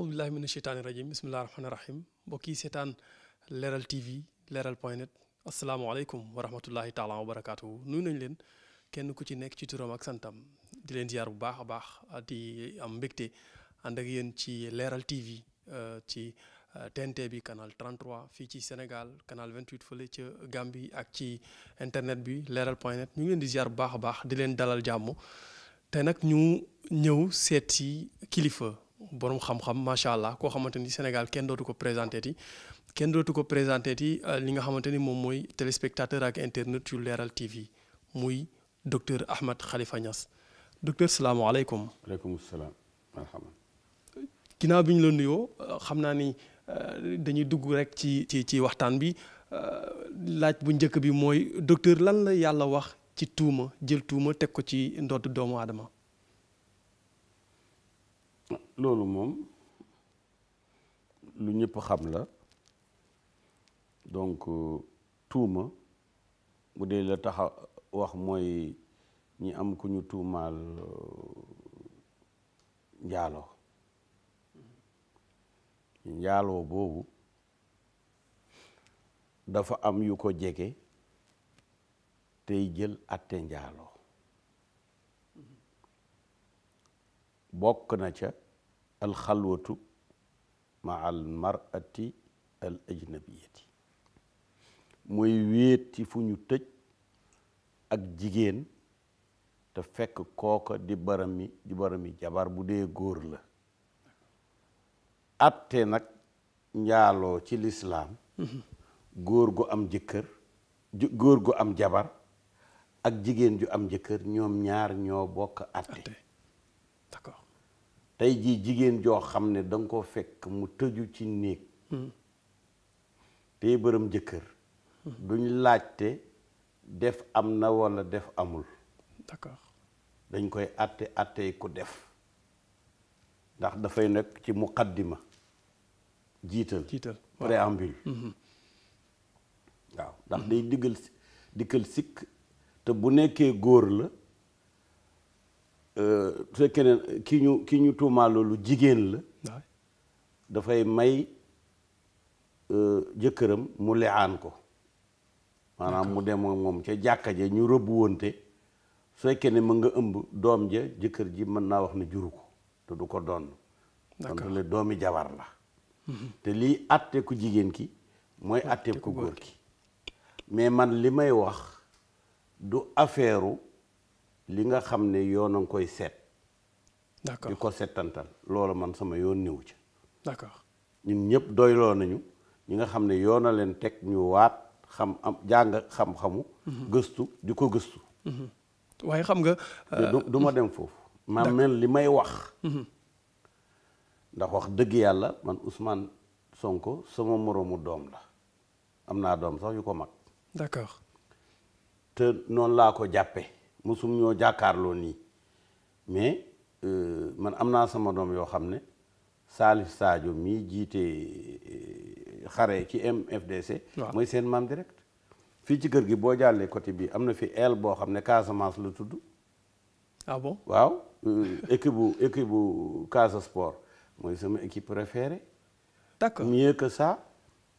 aoudubillahi mina sheytaani rajim bismillahi rahmaani mbokk yi seetaan leeral tv leeral point net asalaamaaleykum wa rahmatullahi taala wa nañ leen kenn ku ci nekk ci turam ak santam di leen ziar bu baax a baax di am mbégte ànd ak yéen ci leeral tv euh, ci TNT euh, bi canal 33 fii ci Sénégal canal 28 fële ca Gambie ak ci internet bi leeral point net ñu ngi leen di ziar bu baax a baax di leen dalal jàmm te nag ñu ñëw seet si kilifa borom xam-xam macha allah koo xamante ni Sénégal kenn dootu ko présenté ti kenn dootu ko présenté ti euh, li nga xamante ni moom mooy téléspectateur ak internet yu leeral TV muy docteur Ahmed Khalifa Niass docteur salaamaaleykum. waaleykum salaam. ginnaaw bi ñu la nuyoo euh, xam naa ni euh, dañuy dugg rek ci ci ci waxtaan bi laaj bu njëkk bi mooy docteur lan la yàlla wax ci tuuma jël tuuma teg ko ci ndodd doomu aadama. loolu moom lu ñëpp xam la donc euh, tuuma bu dee la taxa wax mooy ñi am ku ñu tuumaal euh, njaaloo njaaloo boobu dafa am yu ko jege tey jël atte njaaloo bokk na ca alxalwatu ma al marati al ajnabiyati mooy wéet fu ñu tëj ak jigéen te fekk kooka di barami di barami jabar bu dee góor la atte nag njaaloo ci lislaam góor gu am jëkkër góor gu am jabar ak jigéen ju am jëkkër ñoom ñaar ñoo bokk atte tey jii jigéen joo xam ne danga nga ko fekk mu tëju ci néeg hmm. tey bërëm jëkkër hmm. duñ laajte def am na walla def amul d'accord dañ koy àtte àttey ku def ndax dafay nekk ci muqaddima jiital jiital préambule hmm. waaw ndax day diggal sikk te bu nekkee góor la su euh, fekkee ne ki ñu ki ñu tuumaal loolu jigéen la dafay may euh, jëkkëram mu leaan ko maanaam mu dem moom ca jàkka ja ñu rëbb wonte su fekkee ne mën nga ëmb doom ja jëkkër ji mën naa wax ne juru ko te du ko doon d'accord le doomi jabar la mhm. te lii àtte ku jigéen ki mooy àtte ku góor ki mais man li may wax du affaire li nga xam ne yoon a koy seet. d'accord di ko setantal loolu man sama yoon niwu ci. d'accord ñun ñëpp doyloo nañu ñi nga xam ne yoon a leen teg ñu waat xam am jàng xam-xamu. Mhm. gëstu di ko gëstu. Mhm. waaye xam nga. du euh, ma dem foofu. Mhm. ma li may wax. ndax wax dëgg yàlla man Ousmane Sonko sama moroomu doom la am naa doom sax yu ko mag. d'accord. te noonu laa ko jàppe mosum ñoo jàkkaarloo nii mais euh, man am naa sama doom yoo xam ne Salif Sadio mii jiite euh, xare ci MFDC. mooy seen maam direct. fii ci kër gi boo jàllee côté bi am na fi aile boo xam ne Casamance la tudd. ah waaw euh, équipe bu équipe bu Casa mooy sama équipe préférée. d'accord mieux que ça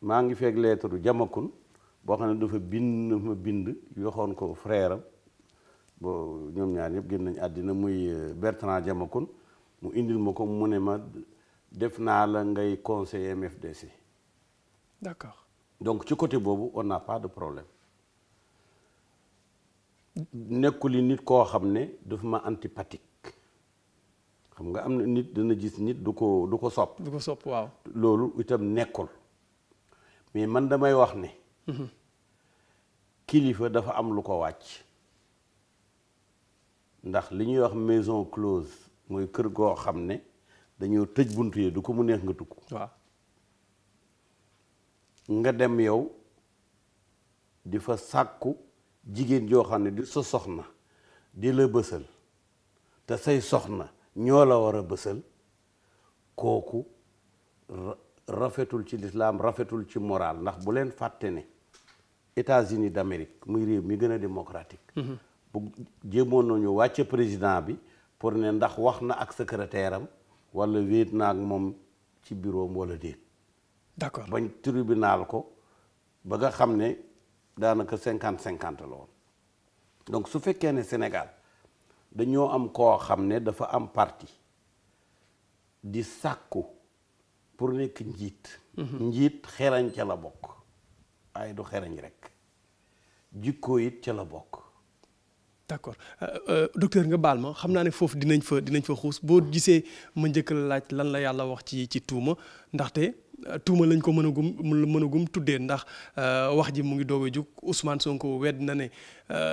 maa ngi fekk lettre jamakun boo xam ne dafa bind ma bind yoxoon ko frère bo ñoom ñaar ñëpp génn nañu àddina muy euh, Bertrand Diamecoune mu indil ma ko mu ne ma def naa la ngay conseiller MFDC. d'accord donc ci côté boobu on n'a pas de problème nekkul nekkuli nit koo xam ne dafa ma antipathique xam nga am na nit dana gis nit du ko du ko sopp du ko sopp waaw loolu itam nekkul mais man damay wax ne mhm. kilifa dafa am lu ko wàcc ndax li ñuy wax maison close mooy kër goo xam ne dañoo tëj bunt yi du ko mu neex nga dugg waaw nga dem yow di fa sàkku jigéen joo xam ne di sa soxna di la bësal te say soxna ñoo la war a bësal kooku rafetul ci lislaam rafetul ci moral ndax bu leen fàtte ne États-Unis d'Amérique muy réew mi gën a démocratique mm-hmm. bu jéemoon nañu wàcce président bi pour ne ndax wax na ak secrétaire am wala wéet na ak moom ci bureau am wala déet. d'accord bañ tribunal ko ba nga xam ne daanaka cinquante cinquante la woon donc su fekkee ne Sénégal dañoo am koo xam ne dafa am parti di sàkku pour nekk njiit. Mhm. njiit xerañ ca la bokk. waaye du xerañ rek jikko it ca la bokk. d'accord euh, euh, docteur nga baal ma xam naa ne foofu dinañ fa dinañ fa xuus boo gisee ma njëkk la laaj lan la yàlla wax ci ci tuuma ndaxte euh, tuuma lañ ko mën a gum mën tuddee ndax wax ji mu ngi doog a jug Ousmane Sonko wedd na ne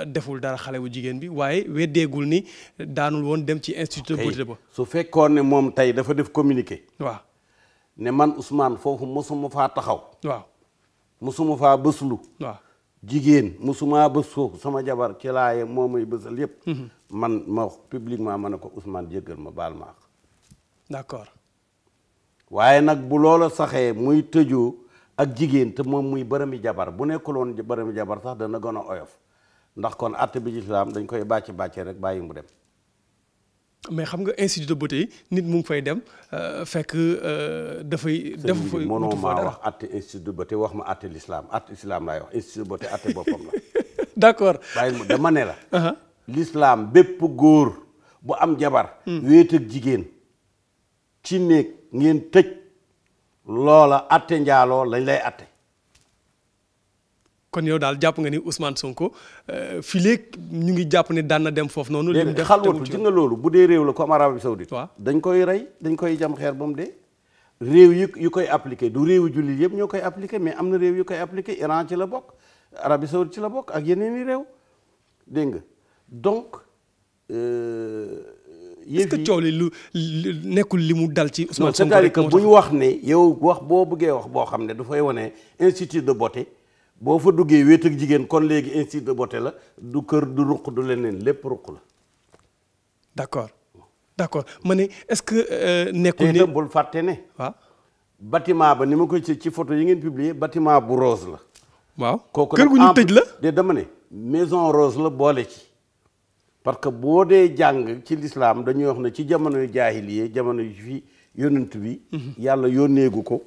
deful dara xale bu jigéen bi waaye weddeegul ni daanul woon dem ci institut de beauté ba su fekkoon ne moom tey dafa def communiqué waaw ne man Ousmane foofu mosuma faa taxaw waaw mosuma faa bëslu waaw jigéen musuma bës ko sama jabar ci laaye moo may bësal yépp mhm. man ma wax publiquement ma ne ko Ousmane jéggal ma baal maax ak d'accord waaye nag bu loola saxee muy tëjoo ak jigéen te moom muy bërëmi jabar bu nekkuloon bërëmi jabar sax dana gën a oyof ndax kon àtte bi am dañ koy bàcc bàccee rek bàyyi mu dem mais xam nga institut de beauté nit mu fay dem euh, fekk euh, dafay. dafa fay mënoo maa wax atte institut de ma atte l'islam atte islam laay wax institut de beauté atte boppam la. d'accord bàyyi dama ne la. Uh-huh. l'islam bépp góor bu am jabar. Hmm. wéet jigéen ci néeg ngeen tëj loola atte njaaloo lañ lay atte. kon yow daal jàpp nga ni Ousmane Sonko euh, fii léegi ñu ngi jàpp ne daan na dem foofu noonu. li mu def xalwatu gis loolu bu dee réew la comme Arabie Saoudite. waaw dañ koy rey dañ koy jam xeer ba de dee. réew yu koy appliqué du réewu jullit yëpp ñoo koy appliqué mais am na réew yu koy appliqué Iran ci la bokk Arabie Saoudite ci la bokk ak yeneen i réew dégg nga donc. Euh, est-ce que coow li lu nekkul li mu dal ci Ousmane Sonko. bu ñu wax ne yow wax boo bëggee wax boo xam ne dafay wane institut de beauté. boo fa duggee wéet jigéen kon léegi institut de beauté la du kër du ruq du leneen lépp ruq la. d'accord d'accord ma ne est-ce que. Euh, nekkul ne bul fàtte ne. waaw bâtiment ba ni ma koy ci ci photo yi ngeen publier bâtiment bu rose la. waaw kër gu ñu tëj la kooku de dama ne maison rose la boole ci. parce que boo dee jàng ci lislaam dañuy wax ne ci jamonoy jaahiliye jamono yi fi yonent bi. Mhm. yàlla yónneegu ko.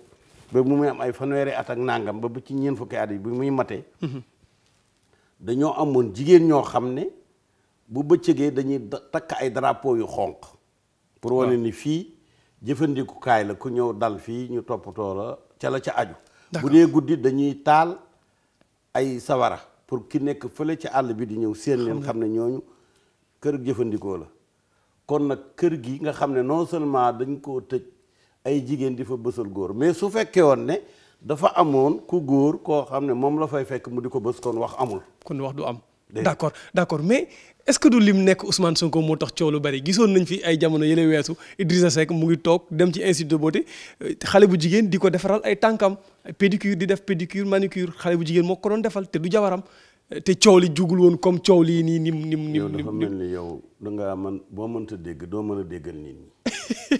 ba bu muy am ay fanweeri at ak nangam ba bu ci ñeent fukki at yi bu muy matee. Mhm. dañoo amoon jigéen ñoo xam ne bu bëccëgee dañuy takk ay drapeau yu xonq pour wane ni fii jëfandikukaay la ku ñëw dal fii ñu toppatoo la ca la ca aju. bu dee guddi dañuy taal ay sawara pour ki nekk fële ci àll bi di ñëw seen leen xam ne ñooñu kër jëfandikoo la kon nag kër gi nga xam ne non seulement dañ koo tëj. ay jigéen di fa bësal góor mais su fekkee woon ne dafa amoon ku góor koo xam ne moom la fay fekk mu di ko bës kon wax amul. kon wax du am. d' accord d' mais est ce que du lim nekk Ousmane Sonko moo tax coow lu bari gisoon nañ fi ay jamono yële weesu Idrissa Seck mu ngi toog dem ci institut de beauté euh, xale bu jigéen di ko defaral ay tànkam pédicure di def pédicure manicure xale bu jigéen moo ko doon defal te du jabaram euh, te coow li jugul woon comme coow lii nii nim nim nim yow dafa mel ni yow da ngaa man boo mënta dégg doo mën a déggal nit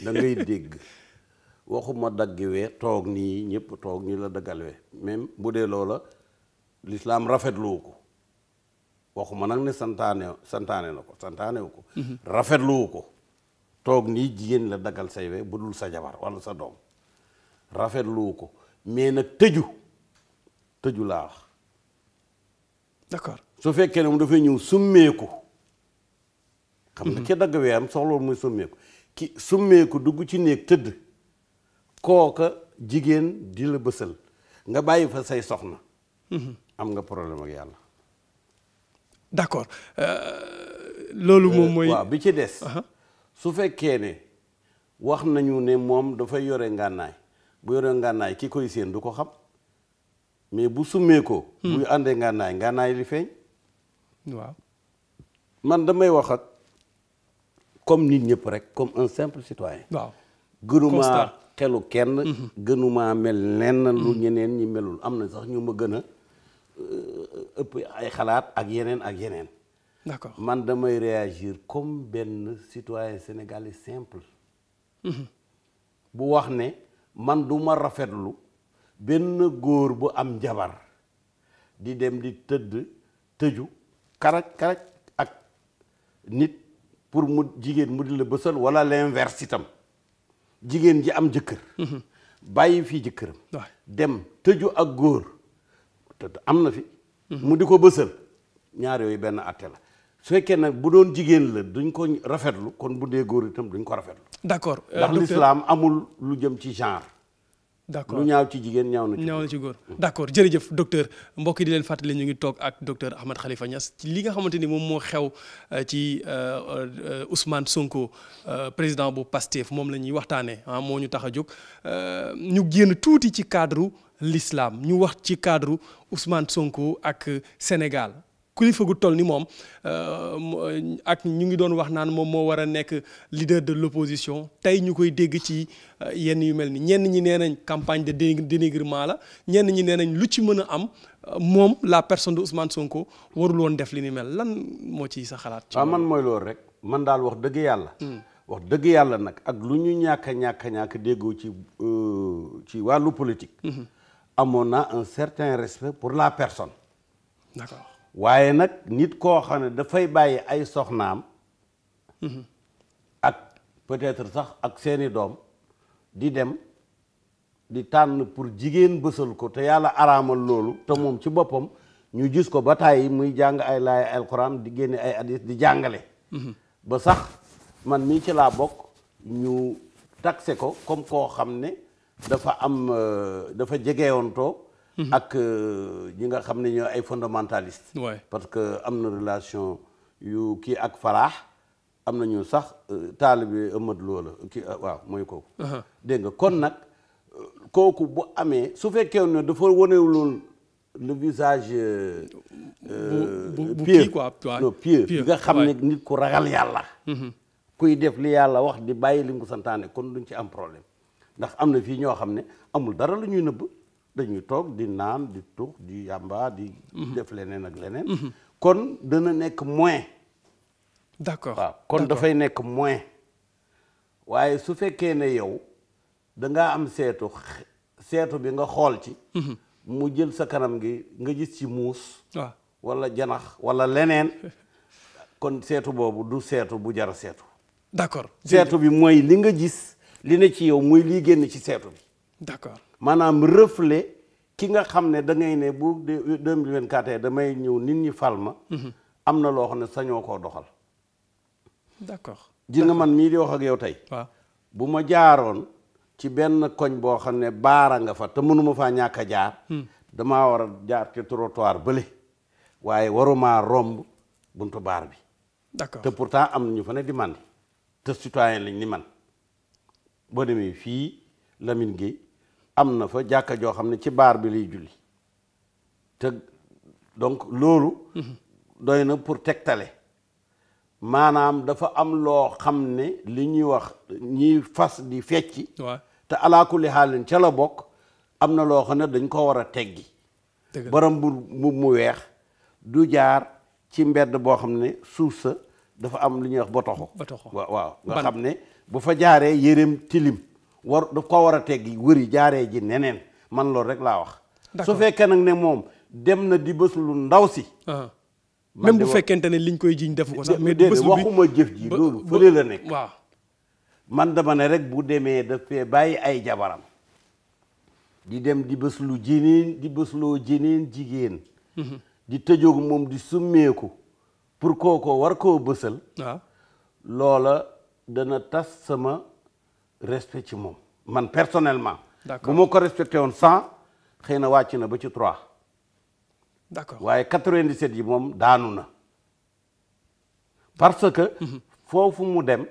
ñi waxuma daggi wee toog nii ñëpp toog ñu la daggal wee même bu dee loola lislaam rafetluwu ko waxuma nag ne santaane santaane la ko santaane wu ko mhm. rafetluwu ko toog nii jigéen la daggal say we bu dul sa jabar walla sa doom rafetluwu ko mais nag tëju tëju laa wax su fekkee ne mu dafay ñëw summeeku xam nga mhm. ke dagg wee am soxlool muy summeeku ki summeeku dugg ci néeg tëdd kooka jigéen di la bësal nga bàyyi fa say soxna mm-hmm. am nga problème ak yàlla d'accord euh, loolu euh, moom mooy waaw bi ci des uh-huh. su fekkee ne wax nañu ne moom dafay yore ngànnaay bu yore ngànnaay ki koy séen du ko xam mais bu summee ko hmm. buy àndee ngànnaay ngànnaay li feeñ waaw man damay wax ak comme nit ñëpp rek comme un simple citoyen gënumaa xelu kenn mhm. gënumaa mel lenn lu ñeneen ñi melul am na sax ñu ma gën a euh, ëpp ay xalaat ak yeneen ak yeneen d'accord man damay réagir comme benn citoyen sénégalais simple mhm. bu wax ne man duma rafetlu benn góor bu am jabar di dem di tëdd tëju karaj karaj ak nit pour mu jigéen mu di la bësal wala l'inverse itam jigéen ji am jëkkër mhm. bàyyi fii jëkkëram dem tëju ak góor te am na fi mhm. mu di ko bësal ñaar yooyu benn atte la su fekkee nag bu doon jigéen la duñ ko rafetlu kon bu dee góor itam duñ ko rafetlu d'accord euh, ndax l'islam amul lu jëm ci genre d'accord lu ñaaw ci jigéen ñaaw na ñaaw na ci góor d'accord jërëjëf docteur mbokk yi di leen fàttali ñu ngi toog ak docteur Ahmed Khalifa Niass ci li nga xamante ni moom moo xew euh, ci euh, euh, Ousmane Sonko président bu PASTEF moom la ñuy waxtaanee ah, moo ñu tax a jóg ñu génn tuuti ci cadre lislaam ñu wax ci cadre Ousmane Sonko ak Sénégal. kilifa gu toll ni moom euh, ak ñu ngi doon wax naan moom moo war a nekk leader de l'opposition tey ñu koy dégg ci euh, yenn yu mel ni ñenn ñi nee nañ campagne de dénigrement la ñenn ñi nee nañ lu ci mën a am euh, moom la personne de Ousmane Sonko warul woon def li ni mel lan moo ci sa xalaat. ci waaw man mooy loolu rek man daal wax dëgg yàlla. Hmm. wax dëgg yàlla nag ak lu ñu ñàkk a ñàkk ñàkk déggoo ci ci wàllu politique. Hmm. amoon naa un certain respect pour la personne. waaye nag nit koo xam ne dafay bàyyi ay soxnaam ak peut-être sax ak seeni doom di dem di tànn pour jigéen bësal ko te yàlla araamal loolu te moom ci boppam ñu gis ko ba tàyyi muy jàng ay laay alxuraan di génne ay hadis di jàngale mhm. ba sax man mii ci laa bokk ñu takse ko comme koo xam ne dafa am euh, dafa jegewoontoo Mm-hmm. ak euh, ñi nga xam ne ñoo ay fondamentalistes. parce que am na relation yu kii ak Farah am nañu sax euh, taalibe Amadou Lo la kii euh, waaw mooy kooku. Uh-huh. dégg nga kon nag kooku bu amee su fekkee ne dafa wanewuloon le visage. bu bu kii quoi pieux nga xam ne nit ku ragal yàlla. Mm-hmm. kuy def li yàlla wax di bàyyi li mu ko santaane kon duñ ci am problème ndax am na fii ñoo xam ne amul dara lu nëbb. dañuy toog di naan di tux di yàmba di. Mhm. def leneen ak leneen. Mhm. kon dana nekk moins. d'accord waaw kon dafay nekk moins. waaye su fekkee ne yow da ngaa am seetu seetu bi nga xool ci. Mhm. mu jël sa kanam gi nga gis ci muus. waaw wala janax wala leneen. kon seetu boobu du seetu bu jar seetu. d'accord seetu bi mooy li nga gis li ne ci yow muy lii génn ci seetu bi. maanaam reflet ki nga xam ne dangay ne bu deux mille vingt quatre damay ñëw nit ñi fal ma mhm. am na loo xam ne sañoo koo doxal d'accord nga man mii di wax ak yow tey bu ma jaaroon ci benn koñ boo xam ne baara nga fa te mënuma faa ñàkk a jaar hmm. damaa war a jaar ci trottoir bële waaye warumaa romb buntu baar bi d'accord te pourtant am na ñu fa ne di man te citoyen lañ ni man boo demee fii Lamine Gueye am na fa jàkka joo xam ne ci baar bi lay julli te donc loolu doy na pour tegtale maanaam dafa am loo xam ne li ñuy wax ñiy fas di fecci te alaakulli xaalin ca bokk am na loo xam ne dañ ko war a teggi borom bu mu mu weex du jaar ci mbedd boo xam ne suuf sa dafa am li ñuy wax botoxo waaw nga xam ne bu fa jaaree yéreem tilim war daf ko war a teggi wëri jaaree ji neneen man loolu rek laa wax su fekkee nag ne moom dem na di bés lu ndaw si ah. même bu fekkente ne liñ koy jiñ defu ko sax mais déedéet waxuma jëf ji loolu la nekk waaw man dama rek bu demee daf bàyyi ay jabaram di dem di bés lu jiniin di bés loo jiniin jigéen mhm. di tëjoog moom di summeeku pour kookoo war koo bësal waaw ah. loola dana tas sama respect ci moom man personnellement. bu moo ko respecté woon cent xëy na wàcc na ba ci trois. d'accord waaye quatre vingt dix yi moom daanu na. parce que. Mhm. foofu mu dem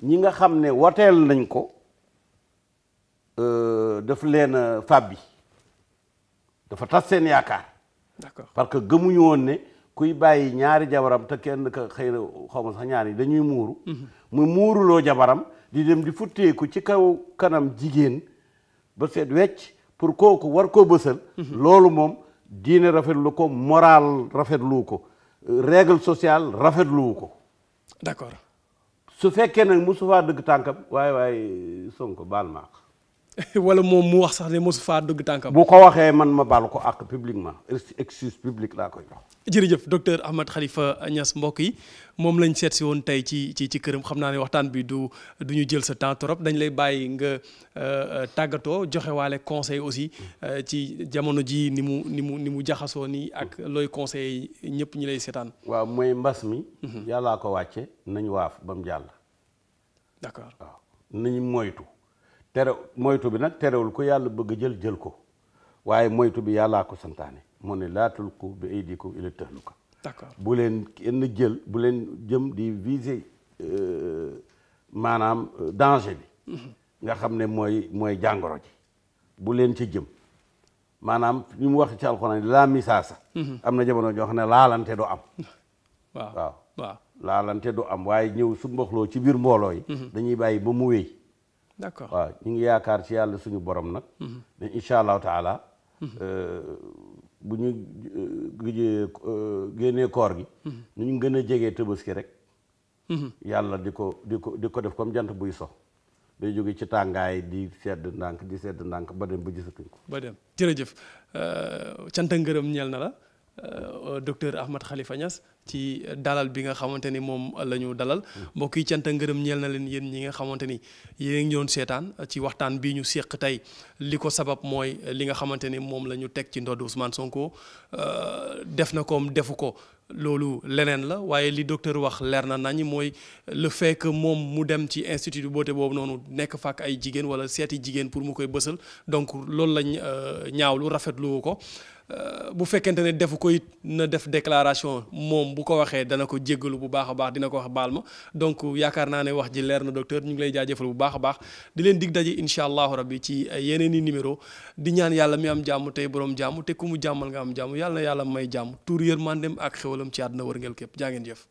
ñi nga xam ne woteel nañ ko euh, daf leen fab dafa tas seen yaakaar. d'accord parce que gëmuñu woon ne kuy bàyyi ñaari jabaram te kenn ka xëy na xaw ma sax ñaari dañuy muuru. Mhm. mu muuruloo jabaram. di dem di futteeku ci kaw kanam jigéen ba seet wecc pour kooku war koo bësal mhm. loolu moom diine rafetlu ko moral rafetlu ko règle sociale rafetlu ko d'accord su fekkee nag mu sufaa dëgg tànkam waaye waaye Sonko baal maaq wala moom mu wax sax ne mosu faa dëgg tànkam. bu ko waxee man ma baal ko ak publiquement excuse publique laa koy jox. jërëjëf docteur Ahmed Khalifa Niass mbokk yi moom lañ seet si woon tey ci ci ci këram xam naa ne waxtaan bi du duñu jël sa temps trop dañ lay bàyyi nga euh, tàggatoo joxewaale conseil aussi euh, ci jamono ji ni mu ni mu ni mu jaxasoo nii ak looy conseil ñëpp ñi lay seetaan. waaw mooy mbas mi. Mhm. yàllaa ko wàcce nañ waaf ba mu jàll. d'accord waaw moytu. tere moytu bi nag terewul ko yàlla bëgg jël jël ko waaye moytu bi yàllaa ko santaane mu ne laatul ko bi aydikum ila tahluka d'accord bu leen jël bu leen jëm di viser euh, maanaam euh, danger bi mm-hmm. nga xam ne mooy mooy jàngoro ji bu leen ci jëm maanaam ñu mu wax ci alxuraan laa misaasa mm-hmm. am na jamono joo xam ne laalante du am waaw laalante du am waaye ñëw su mboxloo ci biir mbooloo yi mm-hmm. dañuy bàyyi ba mu wéy d'accord waaw ñu ngi yaakaar ci yàlla suñu borom nag. ne mhm. incha allahu taala. Mhm. Euh, bu ñu euh, gëjee euh, génnee koor gi. Mhm. ñu gën a jege tëbaski rek. yàlla di ko di ko di ko def comme jant buy so day jóge ci tàngaay di sedd ndànk di sedd ndànk ba dem ba gisatuñ ko. ba dem jërëjëf cant ngërëm ñeel na la. Euh, euh, docteur Ahmad xalifa ñas ci dalal bi nga xamante ni moom la ñu dalal mbokk yi cant ngërëm ñeel na leen yéen ñi nga xamante ni yéen ngi seetaan ci waxtaan bii ñu séq tey li ko sabab mooy li nga xamante ni moom la ñu teg ci ndodd Ousmane Sonko euh, def na koom defu ko loolu leneen la waaye li docteur wax leer na nañ mooy le fekk moom mu dem ci institut de beauté boobu noonu nekk fàkk ay jigéen wala seeti jigéen pour mu koy bësal donc loolu lañ ñaawlu rafetlu ko. Euh, bu fekkente ne defu ko it na def déclaration moom bu ko waxee dana ko jéggalu bu baax a baax dina ko wax baal ma donc yaakaar naa ne wax ji leer na docteur ñu ngi lay jaajëfal bu baax a baax di leen dig daje incha allahu rabbi ci yeneen i numéro di ñaan yàlla mi am jàmm tey borom jàmm te ku mu jàmmal nga am jàmm yàlla yàlla may jàmm tuur yërmandem ak xéwalam ci àdduna wërngel képp jaa ngeen jëf